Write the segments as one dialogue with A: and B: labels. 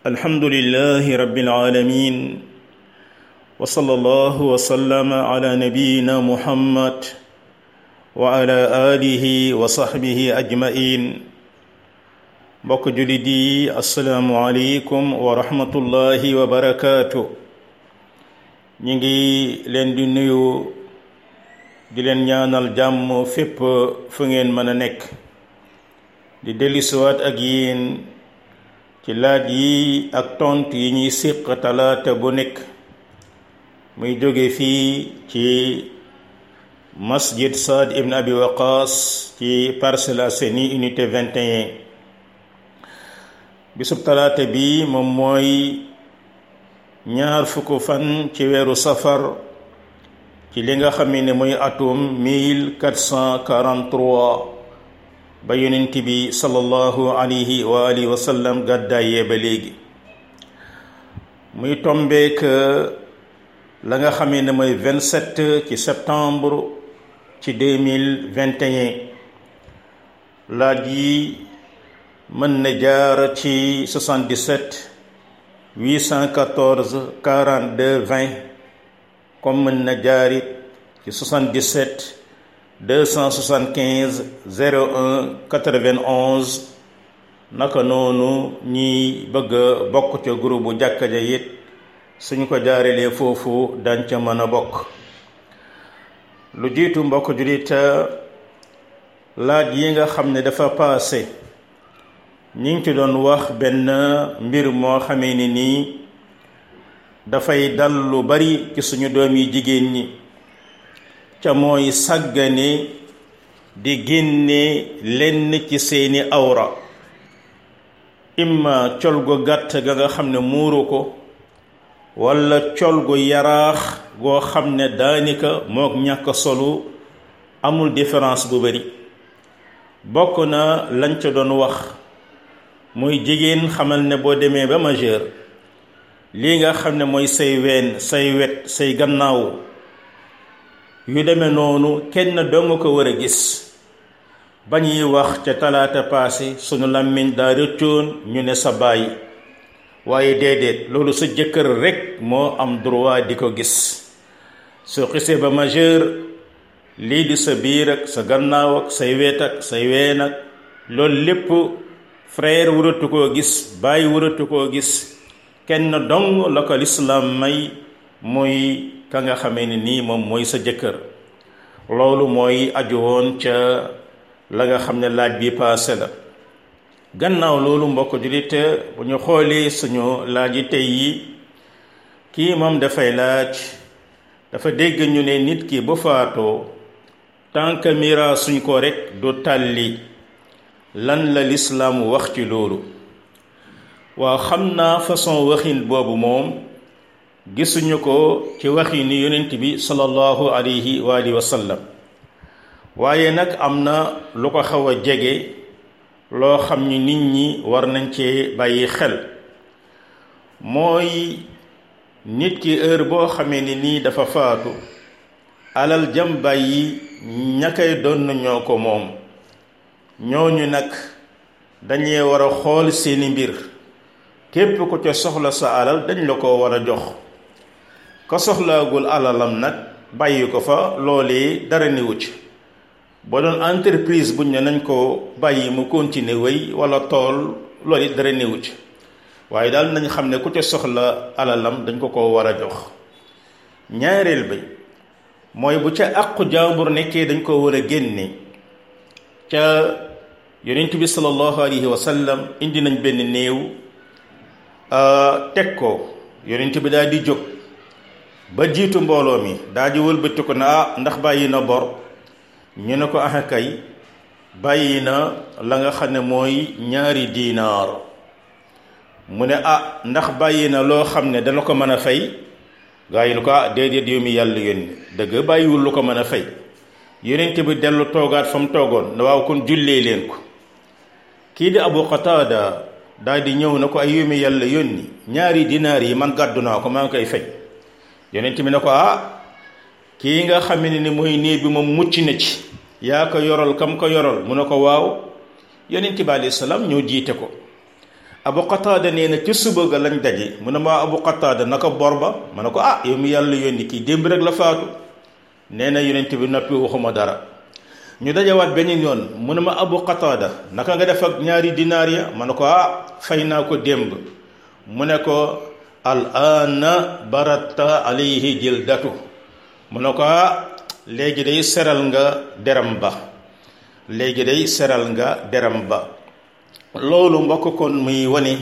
A: الحمد لله رب العالمين وصلى الله وسلم على نبينا محمد وعلى آله وصحبه أجمعين بك جلدي السلام عليكم ورحمة الله وبركاته نيجي لندنيو دلن يان ñaanal فيب فنين fu دي دلسوات أجين ci laaj yi ak tontu yi ñuy siq talaata bu nekk muy jóge fii ci masjid saad ibn abi waqas ci parcelle seni unité 21 bisub talaata bi moom mooy ñaar fukk fan ci weeru safar ci li nga xamee ne mooy atum 1443 ba yonent bi sallallahu alayhi wa alihi wa sallam gàddaayee ba léegi muy tombeek la nga xamee ne mooy 27 ci septembre ci 2021 laaj yi mën na jaar ci 77 814 42 20 comme mën na jaarit ci 77 2751 naka noonu ñii bëgg bokk ca groupe jàkka ja it suñ ko jaarelee foofu dan ca mën a bokk lu jiitu mbokk julita laaj yi nga xam ne dafa paase ñi ngi ci doon wax benn mbir moo xamee ni nii dafay dal lu bari ci suñu doom yi jigéen ñi ca mooy sàggane di génne lenn ci seeni awra imma col gu gàtt ga nga xam ne muuru ko walla col gu yaraax goo xam ne daanika mook ñàkk solu amul différence bu bari bokk na lañ ca doon wax mooy jigéen xamal ne boo demee ba majeur lii nga xam ne mooy say ween say wet say gannaaw yu deme noonu kenn dong ko war a gis ba ñuy wax ca talaata paase sunu làmmiñ daa rëccoon ñu ne sa baay waaye déedéet loolu sa jëkkër rekk moo am droit di ko gis soo xisee ba majeur lii di sa biir sa gannaawak say weet say ween ak loolu lépp frère waratu koo gis baay waratu koo gis kenn dong la ko lislaam may muy ka nga xamee ne nii moom mooy sa jëkkër loolu mooy aju woon ca la nga xam ne laaj bi paase la gannaaw loolu mbokk jullit bu ñu xoolee suñu laaj yi tey yi kii moom dafay laaj dafa dégg ñu ne nit ki bu faatoo tant que mira suñ ko rekk du tàlli lan la lislaam wax ci loolu waa xam naa façon waxin boobu moom gisuñu ko ci waxi ni yonent bi sallallahu alayhi wa alihi wa sallam waaye nag am na lu ko xaw a jege loo xam ni nit ñi war nañ cee bàyyi xel mooy nit ki heure boo xamee ni nii dafa faatu alal jam bàyyi ña koy doon ñoo ko moom ñooñu nag dañee war a xool seeni mbir képp ko ca soxla sa alal dañ la ko war a jox ka soxlaagul alalam nag bàyyi ko fa loolee dara newu ci bo doon entreprise buñ ne nañ ko bàyyi mu continuer wéy wala tool loolu dara newu ci waaye daal nañ xam ne ku ca soxla alalam dañ ko ko war a jox ñaareel bi mooy bu ca aqu jaambur nekkee dañ ko war a génne ca yonent bi salallahu alayhi wa sallam indi nañ benn néew teg ko yonent bi daal di jóg ba jiitu mbooloo mi daa ji ko na ah ndax bàyyi na bor ñu ne ko ah kay bàyyi na la nga xam ne mooy ñaari dinaar mu ne ah ndax bàyyi na loo xam ne dana ko mën a fay gaa yi lu ko ah déedéet yow mi yàlla yónni dëgg bàyyiwul lu ko mën a fay yonent bi dellu toogaat fa mu toogoon na waaw kon jullee leen ko kii di abu qataada daal di ñëw na ko ay yow mi yàlla yónni ñaari dinaar yi man gàddu naa ko maa ngi koy fay yonent bi ne ko ah kii nga xam ne ni mooy néeg bi moom mucc na ci yaa ko yoral kam ko yoral mu ne ko waaw yonent bi alayhi salaam ñëw jiite ko abu qataada nee na ci suba ga lañ daje mu ne ma abu qataada naka ba ma ne ko ah yow mi yàlla yónni kii démb rek la nee na yonent bi noppi waxuma dara ñu dajawaat beneen yoon mu ne ma abu qataada nga def ak ñaari dinaar ya ma ne ko ah fay naa ko démb mu ne ko al ana baratta alayhi jildatu mu ne ko ah, léegi day seral nga deram ba léegi day seral nga deram ba loolu mbokk kon muy wane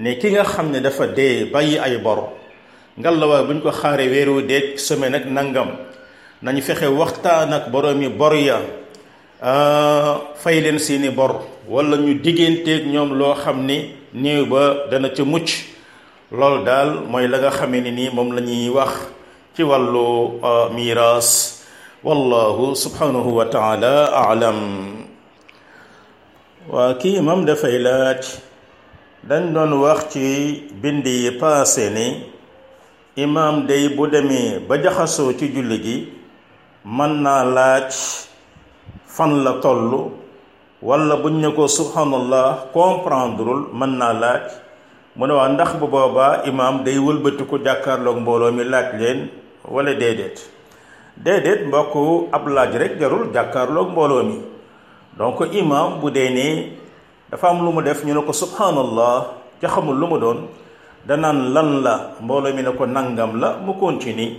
A: ne ki nga xam ne dafa dee bàyyi ay bor ngal la waa buñ ko xaaree weeru deeg semaine ak nangam nañu fexe waxtaan ak boroomi bor ya ah, fay leen seeni bor wala ñu digganteeg ñoom loo xam ni néew ba dana ca mucc lol dal moy la nga xamee ni mom lañuy wax ci wàllu miras wallahu subhanahu wa taala alam waa kii moom dafay laaj dañ don wax ci bindi passé ni imam day bu demé ba jaxaso ci julli gi man na laaj fan la tollu wala buñ ne ko subhanallah comprendre man na laaj mu ne waa ndax bu boobaa imaam day wëlbatiku jàkkaarlook mbooloo mi laaj leen wala déedéet déedéet mbokk ab laaj rek jarul jàkkaarlook mbooloo mi donc imaam bu dee ne dafa am lu mu def ñu ne ko subhanallah ca xamul lu mu doon danaan lan la mbooloo mi ne ko nangam la mu continue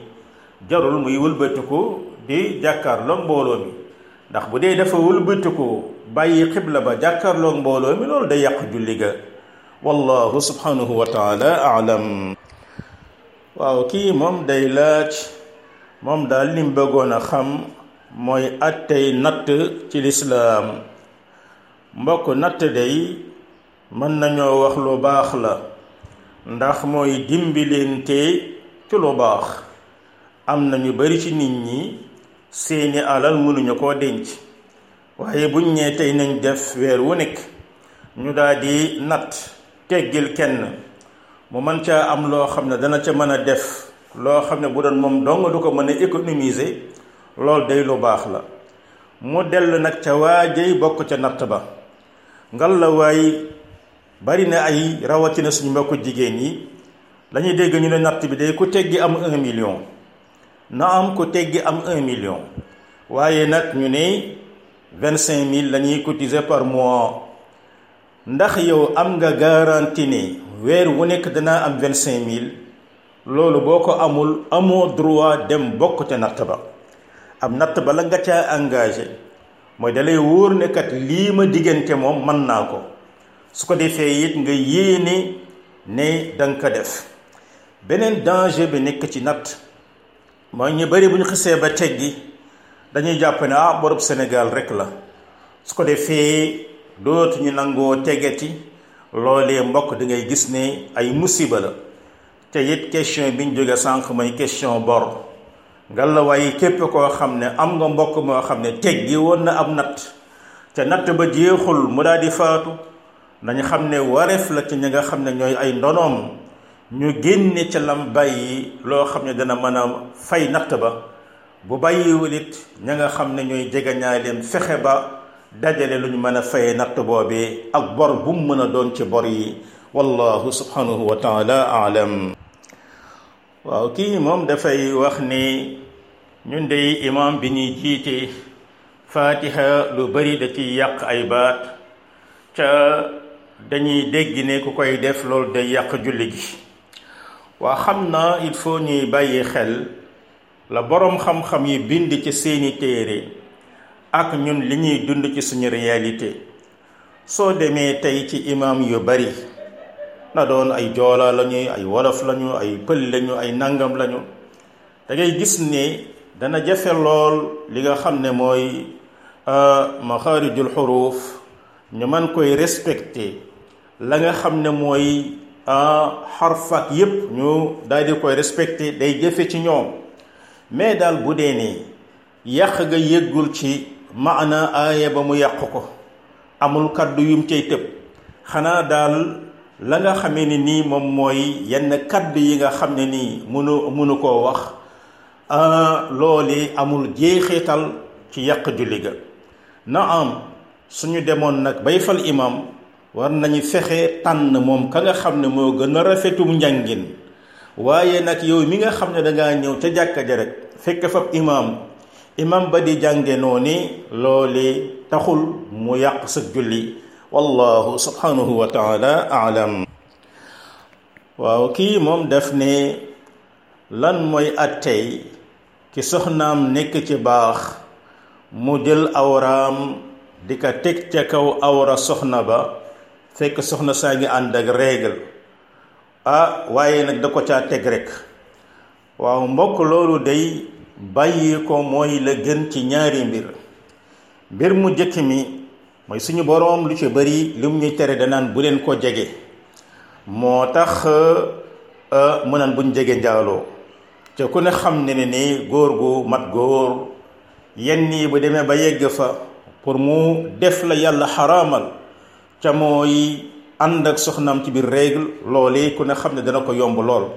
A: jarul muy wëlbatiku di jàkkaarloog mbooloo mi ndax bu dee dafa wëlbatiku bàyyi xibla ba jàkkaarloog mbooloo mi loolu day yàq julli ga wallahu subhanahu waaw kii moom day laaj moom daal lim bëggoon a xam mooy attey natt ci lislaam mbokk natt day mën nañoo wax lu baax la ndax mooy dimbilente ci lu baax am na ñu bari ci nit ñi seeni alal mënuñu koo denc waaye buñ ñee tey nañ def weer wu nekk ñu daal di natt teggil kenn mu man caa am loo xam ne dana ca mën a def loo xam ne bu doon moom dong du ko mën a économiser loolu day lu baax la mu dell nag ca waa waajay bokk ca natt ba ngal la waay bari na ay rawatina suñu mbokku jigéen yi lañuy dégg ñu ne natt bi day ku teggi am un million na am ku teggi am un million waaye nag ñu ne vingt cinq mille lañuy ñuy cotiser par mois ndax yow am nga garantie ne weer wu nekk danaa am vingt cinq mille loolu boo ko amul amoo droit dem bokk ca natt ba ab natt ba la nga ca engagé mooy dalay wóor nekkat lii ma diggante moom mën naa ko su ko defee it nga yéene ne danga ko def beneen danger bi nekk ci natt mooy ñu bari bu ñu xasee ba teggi dañuy jàpp ne ah borob Sénégal rek la su ko defee dootuñu nangoo tegeti loolee mbokk di ngay gis ni ay musiba la te it question biñ ñu jóge sànq mooy question bor ngallaawaay képp koo xam ne am nga mbokk moo xam ne teg gi woon na am natt te natt ba jeexul mu daal di faatu nañu xam ne wareef la ci ñi nga xam ne ñooy ay ndonoom ñu génne ca lam bàyyi loo xam ne dana mën a fay natt ba bu bàyyiwul it ña nga xam ne ñooy jegeñaaleem fexe ba. dajale lu ñu mën a fayee natt boobee ak bor bu mu mën a doon ci bor yi wallahu subhanahu wa taala aalam waaw kii moom dafay wax ni ñun dey imam bi ñuy jiite fatiha lu bari da ci yàq ay baat ca dañuy dégg ne ku koy def loolu day yàq julli gi waa xam naa il faut ñuy bàyyi xel la borom xam-xam yi bind ci seeni téere ak ñun li ñuy dund ci suñu réalité soo demee tey ci imaam yu bari na doon ay joola lañuy ay wolof lañu ay pël lañu ay nangam lañu da ngay gis ni dana jafe lool li nga xam ne mooy euh, maxaarijul xuruuf ñu mën koy respecté la nga xam ne mooy ah, xarfaat yépp ñu daal di koy respecté day jafe ci ñoom mais daal bu dee ne yàq nga yëggul ci maana aaya ba mu yàq ko amul kàddu yum cay tëb xanaa daal la nga xamee ni nii moom mooy yenn kàddu yi nga xam ne nii munu munu koo wax ah, loole amul jeexital ci yàq julli ga na am suñu demoon nag bay fal imaam war nañu fexe tànn moom ka nga xam ne moo gën a rafetum njàngin waaye nag yow mi nga xam ne dangaa ñëw ca jàkka ja rek fekk fab imaam imam ba di jànge nooni loole taxul mu yàq sa julli wallahu subhanahu wa taala alam waaw kii moom def ne lan mooy attey ki soxnaam nekk ci baax mu jël awraam di ka teg ca kaw awra soxna ba fekk soxna saa ngi ànd ak règle ah waaye nag da ko caa teg rek waaw mbokk loolu day bàyyi ko mooy la gën ci ñaari mbir mbir mu jëkk mi mooy suñu boroom lu ci bari lim ñuy tere danaan bu leen ko jege moo tax euh, mu naan buñ jege njaaloo te ku ne xam ne ne ni góor gu mat góor yenn yi bu demee ba yegg fa pour mu def la yàlla xaraamal ca mooy ànd ak soxnaam ci biir règle loolee ku ne xam ne dana ko yomb lool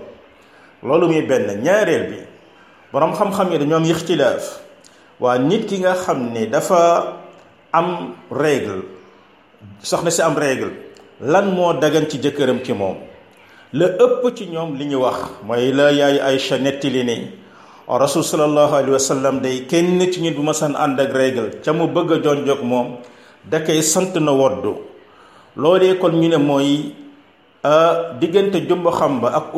A: loolu muy benn ñaareel bi borom xam-xam yi dañoo am ixtilaaf waa nit ki nga xam ne dafa am règle soxna si am règle lan moo dagan ci jëkkëram ci moom le ëpp ci ñoom li ñu wax mooy la yaay netti li ni rasul sallallahu alayhi wasallam day kenn ci nit bu ma san ànd ak règle ca mu bëgg a jonjog moom da koy sant na woddu loolee kon ñu ne mooy diggante jumba xam ba ak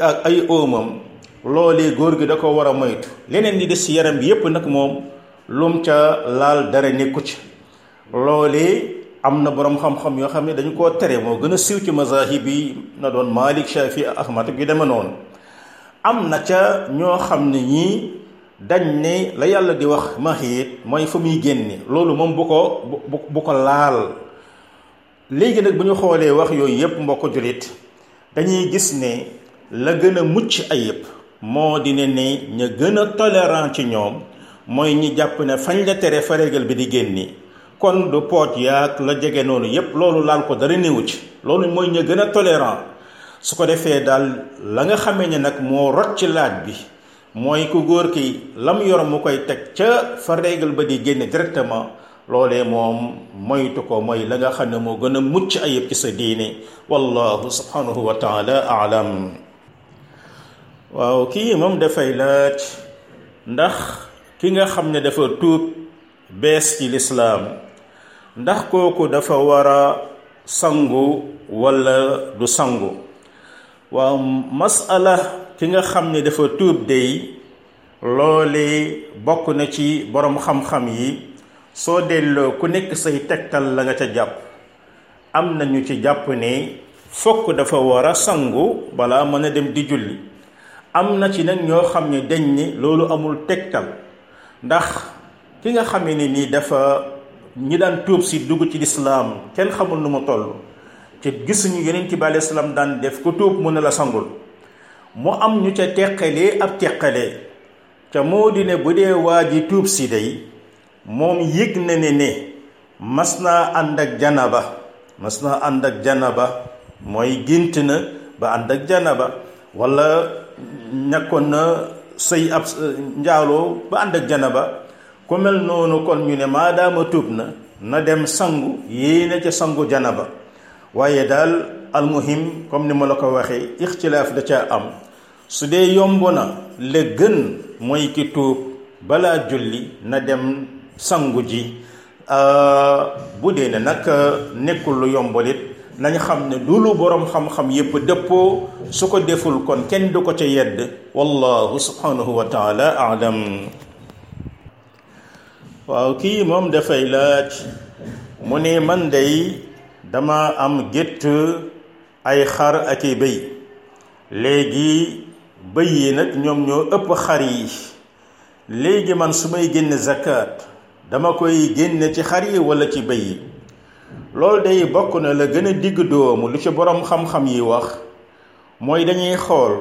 A: ak ay oomam loole góor gi da ko war a moytu leneen li des ci yaram bi yépp nag moom lum ca laal dara nekku ci loolee am na boroom xam-xam yoo xam ne dañ ko tere moo gën a siiw ci mazahib yi na doon Malik Shafi Ahmad bi deme noonu am na ca ñoo xam ne ñii dañ ne la yàlla di wax mahiit mooy fa muy génne loolu moom bu ko bu bu ko laal léegi nag bu ñu xoolee wax yooyu yépp mbokk jullit dañuy gis ne la gën a mucc ay ayib moo dina ni ña gën a tolérant ci ñoom mooy ñu jàpp ne fañ la tere fa régal bi di génni kon du poot yaag la jege noonu yépp loolu laal ko dara néewu ci loolu mooy ña gën a tolérant su ko defee daal la nga xamee ne nag moo rot ci laaj bi mooy ku góor ki lam yor mu koy teg ca fa régal ba di génne directement loolee moom moytu ko mooy la nga xam ne moo gën a mucc ayib ci sa diine wallahu subhanahu wa taala aalam waaw kii moom dafay laaj ndax ki nga xam ne dafa tuub bees ci lislaam ndax kooku dafa war a sangu walla du sangu waaw masala ki nga xam ne dafa tuub dey loole bokk na ci boroom xam-xam yi soo delloo ku nekk say tegtal la nga ca jàpp am na ñu ci jàpp ne fokk dafa war a sangu balaa mën a dem di julli am na ci nag ñoo xam ne dañ ni loolu amul tegtal ndax ki nga xam ne nii dafa ñi daan tuub si dugg ci lislaam kenn xamul nu mu toll te gisuñu yonent bi aleyhi salaam daan def ku tuub mu ne la sangul mu am ñu ca teqalee ab teqalee ca moo di ne bu dee waa ji tuub si dey moom yëg na ne ne mas naa ànd ak ba mas naa ànd ak ba mooy gént na ba ànd ak janaba wala ñàkkoon na sëy ab euh, njaaloo ba ànd ak janaba ku mel noonu kon ñu ne maadaama tuub na na dem sangu yéene ca sangu jana ba waaye daal almuhim comme ni ma la ko waxee ixtilaaf da ca am su dee yomb na la gën mooy ki tuub balaa julli na dem sangu ji euh, bu dee ne nag nekkul lu yombalit nañ xam ne du borom xam-xam yépp dëppoo su ko deful kon kenn du ko ca yedd wallahu subhanahu wa taala alam waaw kii moom dafay laaj mu ne man day dama am gétt ay xar ak bëy léegi bëy yi nag ñoom ñoo ëpp xar yi léegi man su may génn zakat dama koy génne ci xar yi wala ci bëy yi loolu day bokk na la gën a digg doomu lu ci borom xam-xam yi wax mooy dañuy xool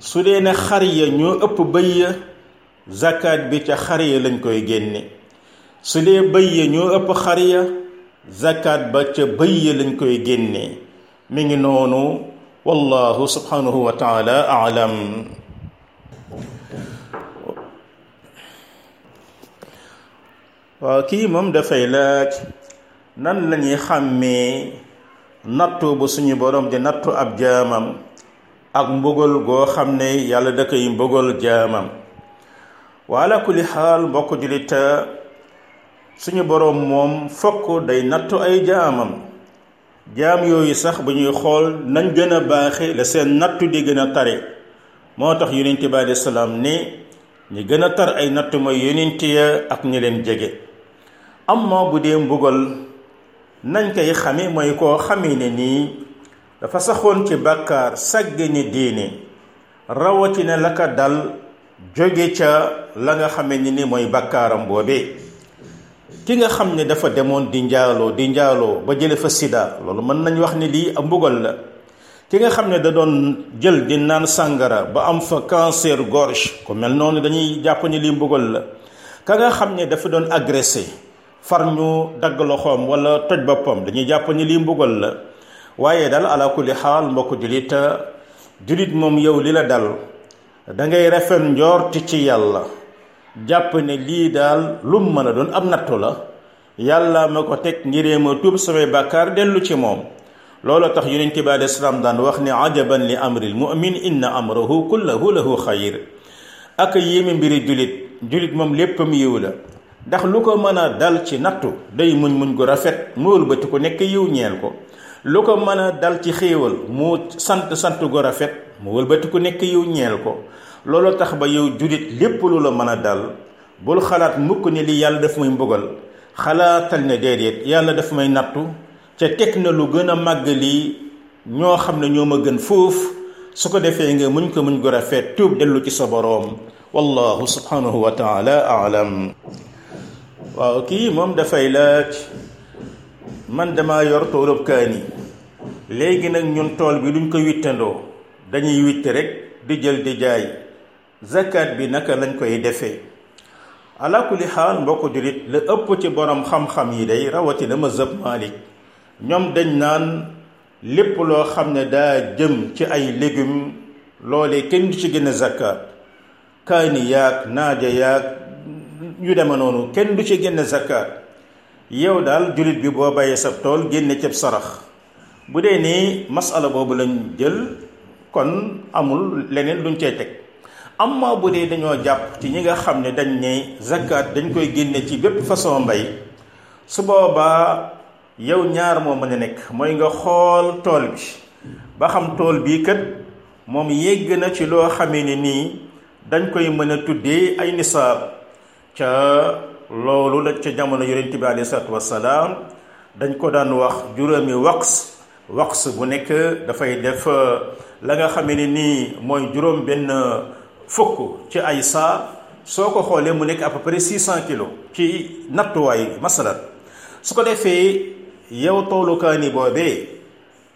A: su dee ne xar ya ñoo ëpp bëy ya zakat bi ca xar ya lañ koy génne su dee bëy ya ñoo ëpp xar ya zakat ba ca bëy ya lañ koy génne mi ngi noonu wallahu subhanahu wa taala alam waaw kii moom dafay laaj nan lañuy xàmmee nattu bu suñu boroom di nattu ab jaamam ak mbugal goo xam ne yàlla da koy mbugal jaamam waala li xaal mbokk julita suñu boroom moom fokk day nattu ay jaamam jaam yooyu sax bu ñuy xool nañ gën a baaxe la seen nattu di gën a tare moo tax yonent bi alei salaam ne ñi gën a tar ay nattu mooy yonent ya ak ñi leen jege amma bu dee mbugal nañ koy xame mooy koo xamee ne nii dafa saxoon ci bàkkaar sàggane diini rawatina la ka dal jóge ca la nga xame ni ni mooy bàkkaaram boobee ki nga xam ne dafa demoon di njaaloo di njaaloo ba jële fa sida loolu mën nañ wax ni lii am mbugal la ki nga xam ne da doon jël di naan sàngara ba am fa cancer gorge ko mel noonu dañuy jàpp ni lii mbugal la ka nga xam ne dafa doon agressé farñu ñu dagg loxoom wala toj boppam dañuy jàpp ni lii mbugal la waaye dal ala kulli xaal mbokk julit julit moom yow li la dal da ngay refen njoorti ci yàlla jàpp ne lii daal lum mën a doon ab nattu la yàlla ma ko teg ngiree tuub samay bàkkaar dellu ci moom loolu tax yonent bi alayhi salaam daan wax ne ajaban li amril mumin inna amrahu kullahu lahu xayir ak yéeme mbiri julit julit moom léppam yiw la ndax lu ko mën a dal ci nattu day muñ muñ gu rafet mu wëlbati ko nekk yiw ñeel ko lu ko mën a dal ci xéewal mu sant sant gu rafet mu wëlbati ko nekk yiw ñeel ko loolu tax ba yow julit lépp lu la mën a dal bul xalaat mukk ni li yàlla daf may mbugal xalaatal ne déedéet yàlla daf may nattu ca teg na lu gën a màgg lii ñoo xam ne ñoo ma gën foofu su ko defee nga muñ ko muñ gu rafet tuub dellu ci sa boroom wallahu subhanahu wa taala alam waaw kii moom dafay laaj man dama yor toolub kaani léegi nag ñun tool bi duñ ko wittandoo dañuy witt rek di jël di jaay zakat bi naka lañ koy defee alakuli xaal mbokk jullit la ëpp ci borom xam-xam yi day rawatina mazhab Maalik ñoom dañ naan lépp loo xam ne daa jëm ci ay légumes loole kenn du ci gën a zakat kaani yaag naaja yaag yu deme noonu kenn du ci génne zakkaat yow daal jullit bi boo bàyyee sa tool génne ceeb sarax bu dee nii masala boobu lañ jël kon amul leneen duñ cey teg amma bu dee dañoo jàpp ci ñi nga xam ne dañ ne zakkaat dañ koy génne ci bépp façon mbay su boobaa yow ñaar moo mën a nekk mooy nga xool tool bi ba xam tool bii kat moom yegg na ci loo xamee ne nii dañ koy mën a tuddee ay nisaab ca loolu la ca jamono yonent bi alayhi salatu wasalaam dañ ko daan wax juróomi waqs waqs bu nekk dafay def la nga xamee ne nii mooy juróom benn fukk ci ay saa soo ko xoolee mu nekk à peu près 600 kilo ci nattuwaay masalan su ko defee yow toolukaani boobee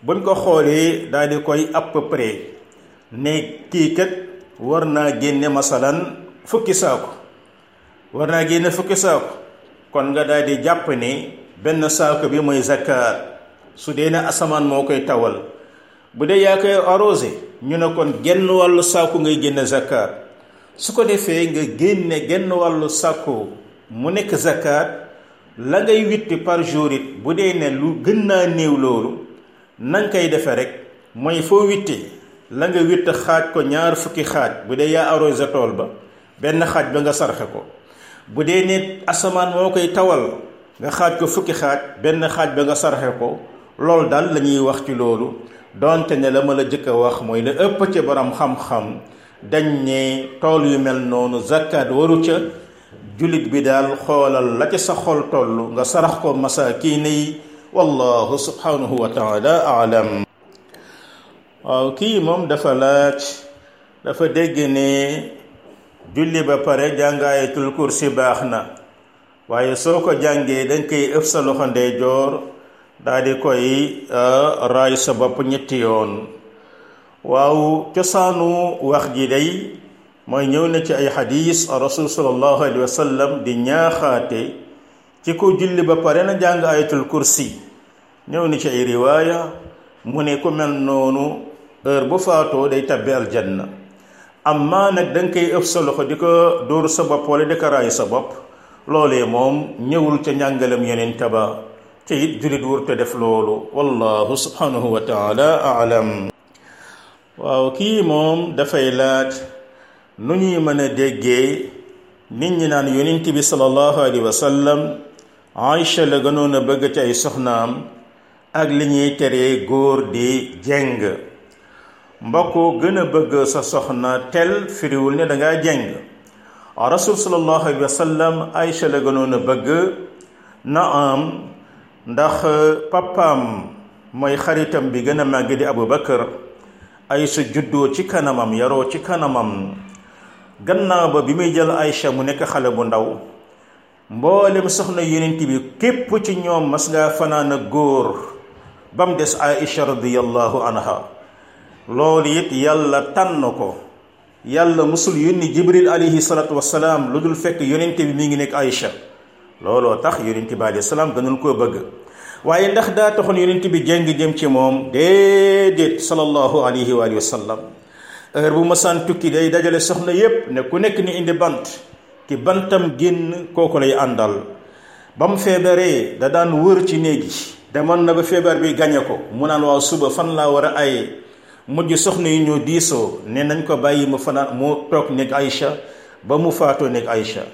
A: buñ ko xoolee daal di koy à peu près ne kii kat war naa génne masalan fukki saako war naa génne fukki saako kon nga daal di jàpp ni benn saako bi mooy zakkaat su dee ne asamaan moo koy tawal bu dee yaa koy arrosé ñu ne kon genn wàllu saako ngay génne zakkaat su ko defee nga génne genn wàllu saako mu nekk zakkaat la ngay witti par jour it bu dee ne lu gën naa néew loolu na nga koy defee rek mooy foo witti la nga witt xaaj ko ñaar fukki xaaj bu dee yaa arrosé tool ba benn xaaj ba nga sarxe ko bu dee ne asamaan moo koy tawal nga xaaj ko fukki xaaj benn xaaj ba nga saraxe ko loolu daal lañuy wax ci loolu donte ne la ma la jëkk a wax mooy la ëpp ci borom xam-xam dañ ne tool yu mel noonu zakkaat waru ca jullit bi daal xoolal la ci sa xol toll nga sarax ko masaakiine yi wallahu subhanahu wa taala aalam waaw kii moom dafa laaj dafa dégg ne julli ba pare jàngaayatul kursi baax na waaye soo ko jàngee dañ koy ëf sa loxo ndeyjoor daal di koy raay sa bopp ñetti yoon waaw cosaanu wax ji day mooy ñëw na ci ay xadiis rasul sallallahu alayhi wa di ñaaxaate ci ko julli ba pare na jàng ayatul kursi ñëw na ci ay riwaaya mu ne ku mel noonu heure bu faatoo day tabbi aljanna amma nag dang koy ëf sa loxo di ko dóoru sa bopp wala di ko raayu sa bopp loolee moom ñëwul ca njàngalam yeneen taba te it julit wurte def loolu wallahu subhanahu wa taala alam waaw kii moom dafay laaj nu ñuy mën a déggee nit ñi naan yonent bi salallahu alayhi wa sallam aïcha la gënoon a bëgg ci ay soxnaam ak li ñuy teree góor di jeng mbokkoo gën a bëgg sa soxna tel firiwul ne dangay jeng rasul sallallahu alayhi wa sallam Aïcha la gënoon a bëgg na am ndax papaam mooy xaritam bi gën a màgg di Abu Bakar Aïcha juddoo ci kanamam yaroo ci kanamam gannaaw ba bi muy jël ay Aïcha mu nekk xale bu ndaw mboolem soxna yenent bi képp ci ñoom mas ngaa fanaan ak góor ba mu des Aïcha radiyallahu anha loolu it yàlla tànn ko yàlla musul yónni jibril alayhi salatu wasalaam lu dul fekk yonente bi mi ngi nekk aïcha looloo tax yonente bi alayhi salaam gënul koo bëgg waaye ndax daa taxoon yonente bi jeng jëm ci moom déedéet salallahu alayhi wa sallam heure bu masaan tukki day dajale soxna yépp ne ku nekk ni indi bant ki bantam génn kooku lay àndal ba mu feebaree da daan wër ci néegi demoon na ba feebar bi gañe ko mu naan waaw suba fan laa war a ay mujj soxna yi ñoo diisoo ne nañ ko bàyyi mu fanaan mu toog nekk Aïcha ba mu faatoo nekk Aïcha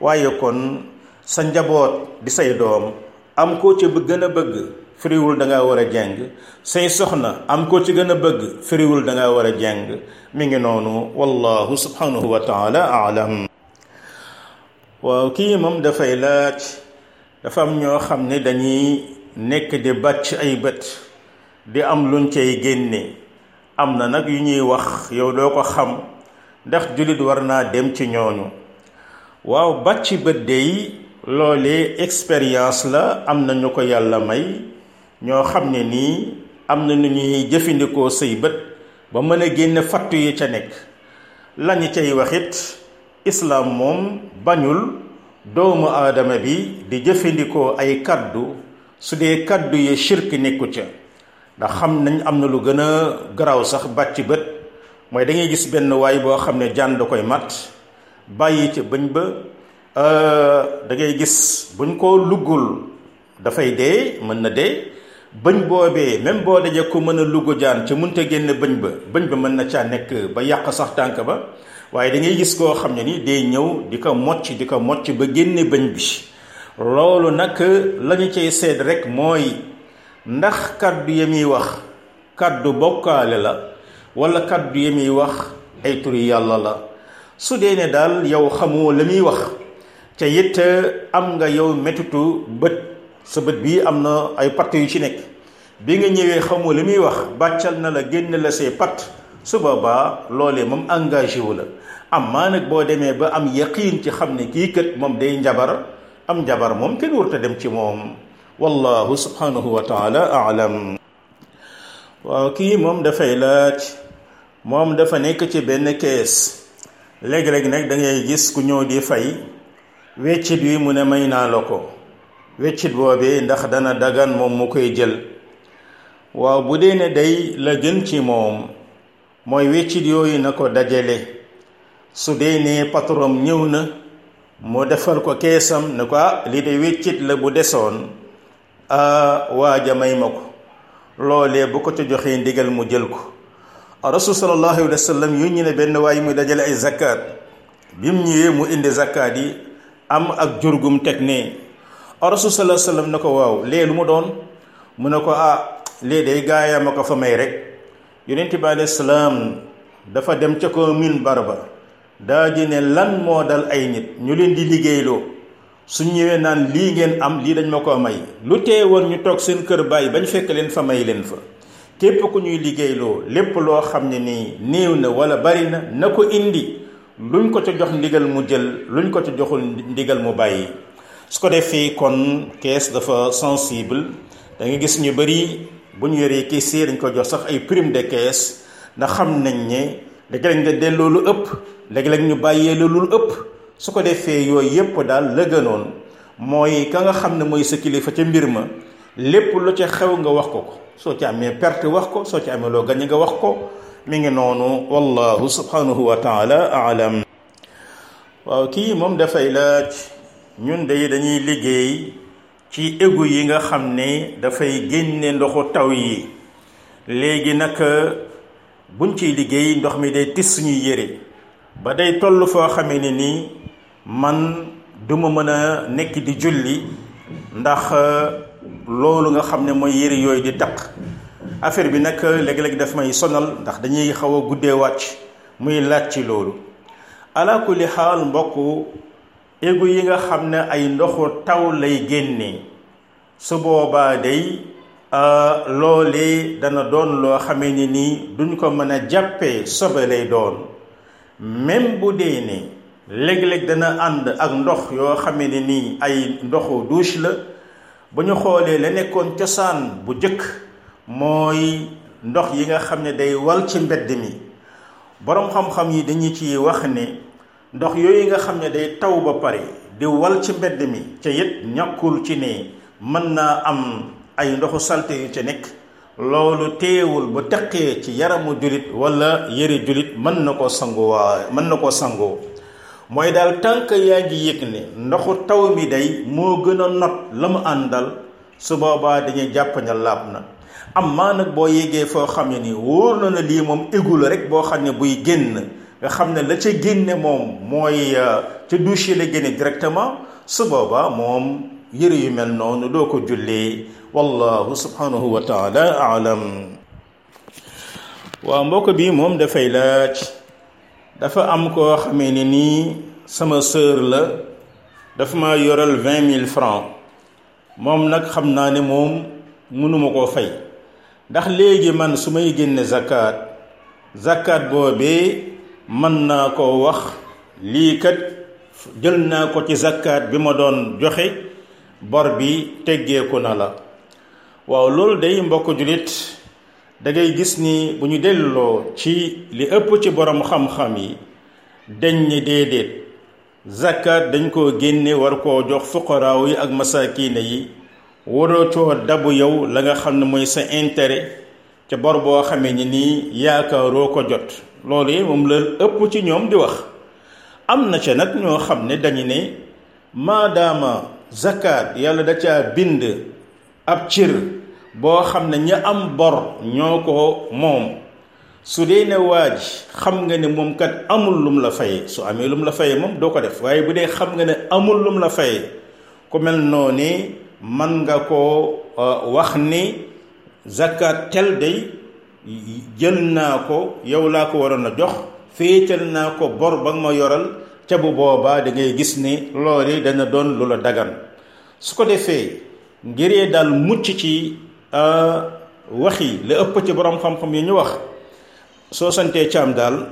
A: waaye kon sa njaboot di say doom am ko ci gën a bëgg firiwul da war a jàng say soxna am koo ci gën a bëgg firiwul da war a jàng mi ngi noonu wallahu subhanahu wa taala alam waaw kii moom dafay laaj dafa am ñoo xam ne dañuy nekk di bàcc ay bët di am luñ cay génne am na nag yu ñuy wax yow doo ko xam ndax jullit war naa dem ci ñooñu waaw bàcc bët dey loole expérience la am na ñu ko yàlla may ñoo xam ne nii am na ñu ñuy jëfandikoo say bët ba mën a génn fattu yi ca nekk lañu cay waxit islaam moom bañul doomu aadama bi di jëfandikoo ay kaddu su dee kàddu yi shirk nekku ca ndax xam nañ am na lu gën a garaw sax bàcc bët mooy da ngay gis benn waay boo xam ne jaan da koy mat bàyyi ca bëñ ba euh, dangay ngay gis buñ ko luggul dafay dee mën na dee bëñ boobee même boo dajee ko mën a lugg jaan ca munta génn bëñ ba bëñ ba mën na caa nekk ba yàq sax tànk ba waaye da ngay gis koo xam ne ni day ñëw di ko mocc di ko mocc ba génne bëñ bi loolu nag lañu ñu cay seet rek mooy ndax kaddu ya muy wax kàddu bokkaale la wala kaddu ya muy wax ay turi yàlla la su dee ne daal yow xamoo la muy wax ca it am nga yow metitu bët sa bët bii am na ay patt yu ci nekk bi nga ñëwee xamoo la muy wax bàccal na la génn la say patt su boobaa loole moom engagé wu la amaa nag boo demee ba am yaqiin ci xam ne kii kat moom day njabar am njabar moom kenn warut dem ci moom wallahu waaw kii moom dafay laaj moom dafa nekk ci benn kees léeg-léeg nag dangay gis ku ñëw di fay weccit wi mu ne may naa la ko weccit boobee ndax dana dagan moom mu koy jël waaw bu dee ne day la gën ci moom mooy weccit yooyu na ko dajale su dee ne patron ñëw na mu defal ko keesam ne ko ah li de weccit la bu desoon a waaja may ma ko loolee bu ko ca joxee ndigal mu jël ko rasul sallallahu alayhi wa sallam yónni ne benn waaye muy dajale ay zakkaat bi mu ñëwee mu indi zakkaat yi am ak jurgum teg ne rasul sallallahu alayhi na ko waaw lee lu mu doon mu ne ko ah lee day gaayaa ma ko fa may rek yonent bi alayhi salaam dafa dem ca ko min barba daa ne lan moo dal ay nit ñu leen di liggéeyloo suñ ñëwee naan lii ngeen am lii dañ ma ko may lu tee woon ñu toog seen kër bàyyi bañ fekk leen fa may leen fa képp ku ñuy liggéeyloo lépp loo xam ne nii néew na wala bari na na ko indi luñ ko jox ndigal mu jël luñ ko ca mu bàyyi su ko defee kon kees dafa sensible da nga gis ñu bari bu ñu yoree caissier dañ ko jox sax ay prime de caisse ndax xam nañ ne léeg-léeg delloo lu ëpp léeg-léeg ñu bàyyee loolu ëpp su ko defee yooyu yépp daal la gënoon mooy ka nga xam ne mooy sa kilifa ca mbir ma lépp lu ca xew nga wax ko ko soo ci amee perte wax ko soo ci amee loo gañe nga wax ko mi ngi noonu wallahu subhanahu wa taala alam waaw kii moom dafay laaj ñun de dañuy liggéey ci égout yi nga xam ne dafay génne ndoxu taw yi léegi nag buñ ciy liggéey ndox mi day tis suñuy yére ba day toll foo xamee ne nii man duma mën a nekk di julli ndax euh, loolu nga xam ne mooy yére yooyu di takk affaire bi nag euh, léeg-léeg daf may sonal ndax dañuy xaw a guddee wàcc muy laaj ci loolu ala xaal mbokk égu yi nga xam ne ay ndoxu taw lay génnee su boobaa day euh, loolee dana doon loo xamee ni nii duñ ko mën a jàppee sobe lay doon même bu dee ne léeg-léeg dana ànd ak ndox yoo xamee ne nii ay ndoxu douche la bu ñu xoolee la nekkoon cosaan bu jëkk mooy ndox yi nga xam ne day wal ci mbedd mi boroom xam yi dañu ci wax ne ndox yooyu nga xam ne day taw ba pare di wal ci mbedd mi ca it ñàkkul ci ne mën naa am ay ndoxu salte yu ca nekk loolu teewul bu teqee ci yaramu jullit walla yëre jullit mën na ko sanguwaa mën na ko sangoo mooy daal tànk yaa ngi yëg ni ndoxu taw mi day moo gën a not la mu àndal su boobaa dañuy jàpp ne na am maa nag boo yégee foo xam ne ni wóor na ne lii moom égul rek boo xam ne buy génn nga xam ne la ca génne moom mooy euh, ca douche la génne directement su boobaa moom yére yu mel noonu doo ko jullee wallahu subhanahu wa taala alam waaw mbokk bi moom dafay laaj dafa am koo xamee ne nii sama sœur la dafa ma yoral vingt mille francs moom nag xam naa ne moom mënuma koo fay ndax léegi man su may génne zakat zakat boobee mën naa ko wax lii kat jël naa ko ci zakat bi ma doon joxe bor bi ko na la waaw loolu day mbokk julit dangay gis ni bu ñu delloo ci li ëpp ci boroom xam-xam yi dañ ne déedéet zakat dañ ko génne war koo jox fuqaraaw yi ak masaakiina yi waroo coo dabu yow la nga xam ne mooy sa intérêt ca bor boo xamee ni nii yaakaaroo ko jot loolu yi ci ñoom di wax am na ca nag ñoo xam ne dañu ne maadaama zakat yàlla da ca bind ab cir boo xam ne ñi am bor ñoo ko moom su dee ne waa ji xam nga ne moom kat amul lum la faye su amee lum la faye moom doo ko def waaye bu dee xam nga ne amul lum la faye ku mel noonu man nga ko euh, wax ni zakat tel day jën naa ko yow laa ko waroon a jox féetal naa ko bor ba nga ma yoral ca bu boobaa da ngay gis ni loolu dana doon lu la dagan su ko defee ngiree daal mucc ci wax yi la ëpp ci borom xam-xam yi ñu wax soo santee caam daal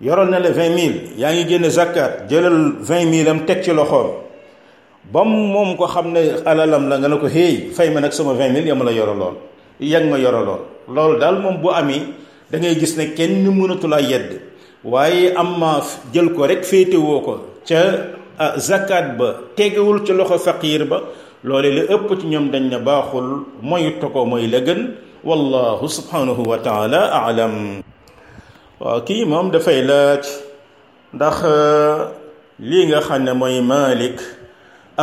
A: yoral na la vingt mille yaa ngi génne zakkaat jëlal vingt mille am teg ci loxoom ba moom ko xam ne alalam la nga ne ko hey fay ma nag sama vingt mille yama la yoraloon yag ma yoraloon loolu daal moom bu amee da ngay gis ne kenn mënatulaa yedd waaye am ma jël ko rek féetewoo ko ca zakat ba tegewul ci loxo faqir ba loolee la ëpp ci ñoom dañ ne baaxul mooy toko mooy la gën wallahu subhanahu wa taala aalam waaw kii moom dafay laaj ndax lii nga xam ne mooy malik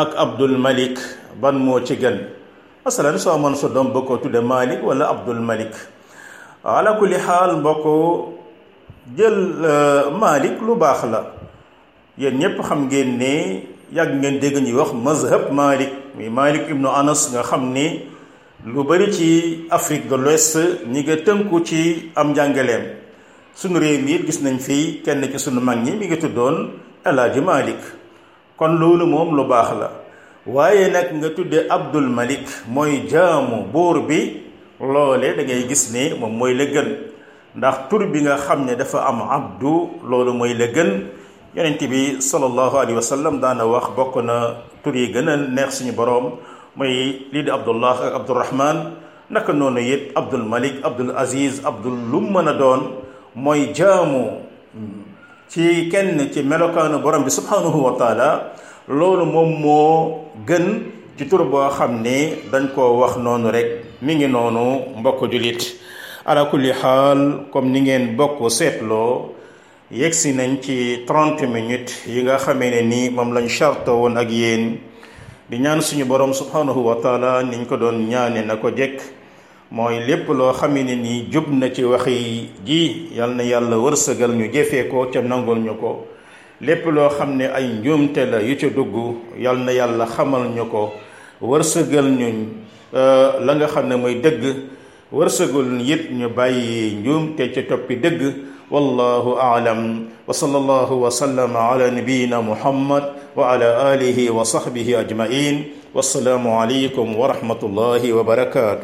A: ak abdul malik ban moo ci gën masalan soo amoon sa doom bëgg ko tudde malik wala abdul malik ala kulli xaal mbokk jël malik lu baax la yéen ñépp xam ngeen ne yàgg ngeen dégg ñuy wax mazhab Malik muy Malik ibnu Anas nga xam ni lu bari ci Afrique de l'Ouest ñi nga tënku ci am njàngaleem suñu réew yi gis nañ fi kenn ci sunu mag ñi mi nga tuddoon El Hadj Malik kon loolu moom lu baax la waaye nag nga tudde Abdul Malik mooy jaamu buur bi loole dangay gis ne moom mooy la gën ndax tur bi nga xam ne dafa am abdu loolu mooy la gën yonent bi sallallahu alayhi wa sallam daana wax bokk na tur yi gën a neex suñu boroom mooy lii di abdullah ak abdurahman naka noonu it abdul malik abdul aziz abdul lu mën a doon mooy jaamu ci kenn ci melokaanu borom bi subhanahu wa taala loolu moom moo gën ci tur boo xam ni dañ koo wax noonu rek mi ngi noonu mbokk julit ala kulli xaal comme ni ngeen bokk seetloo yegsi nañ ci 30 minutes yi nga xame ne nii moom lañu charto woon ak yéen di ñaan suñu borom subhanahu wa taala niñ ko doon ñaane na ko jekk mooy lépp loo xamee ne nii jub na ci waxi ji yal na yàlla wërsëgal ñu jëfee ko ca nangul ñu ko lépp loo xam ne ay njuumte la yu ca dugg yal na yàlla xamal ñu ko wërsëgal ñu euh, la nga xam ne mooy dëgg wërsëgul it ñu bàyyi njuumte ca toppi dëgg والله أعلم وصلى الله وسلم على نبينا محمد وعلى آله وصحبه أجمعين والسلام عليكم ورحمة الله وبركاته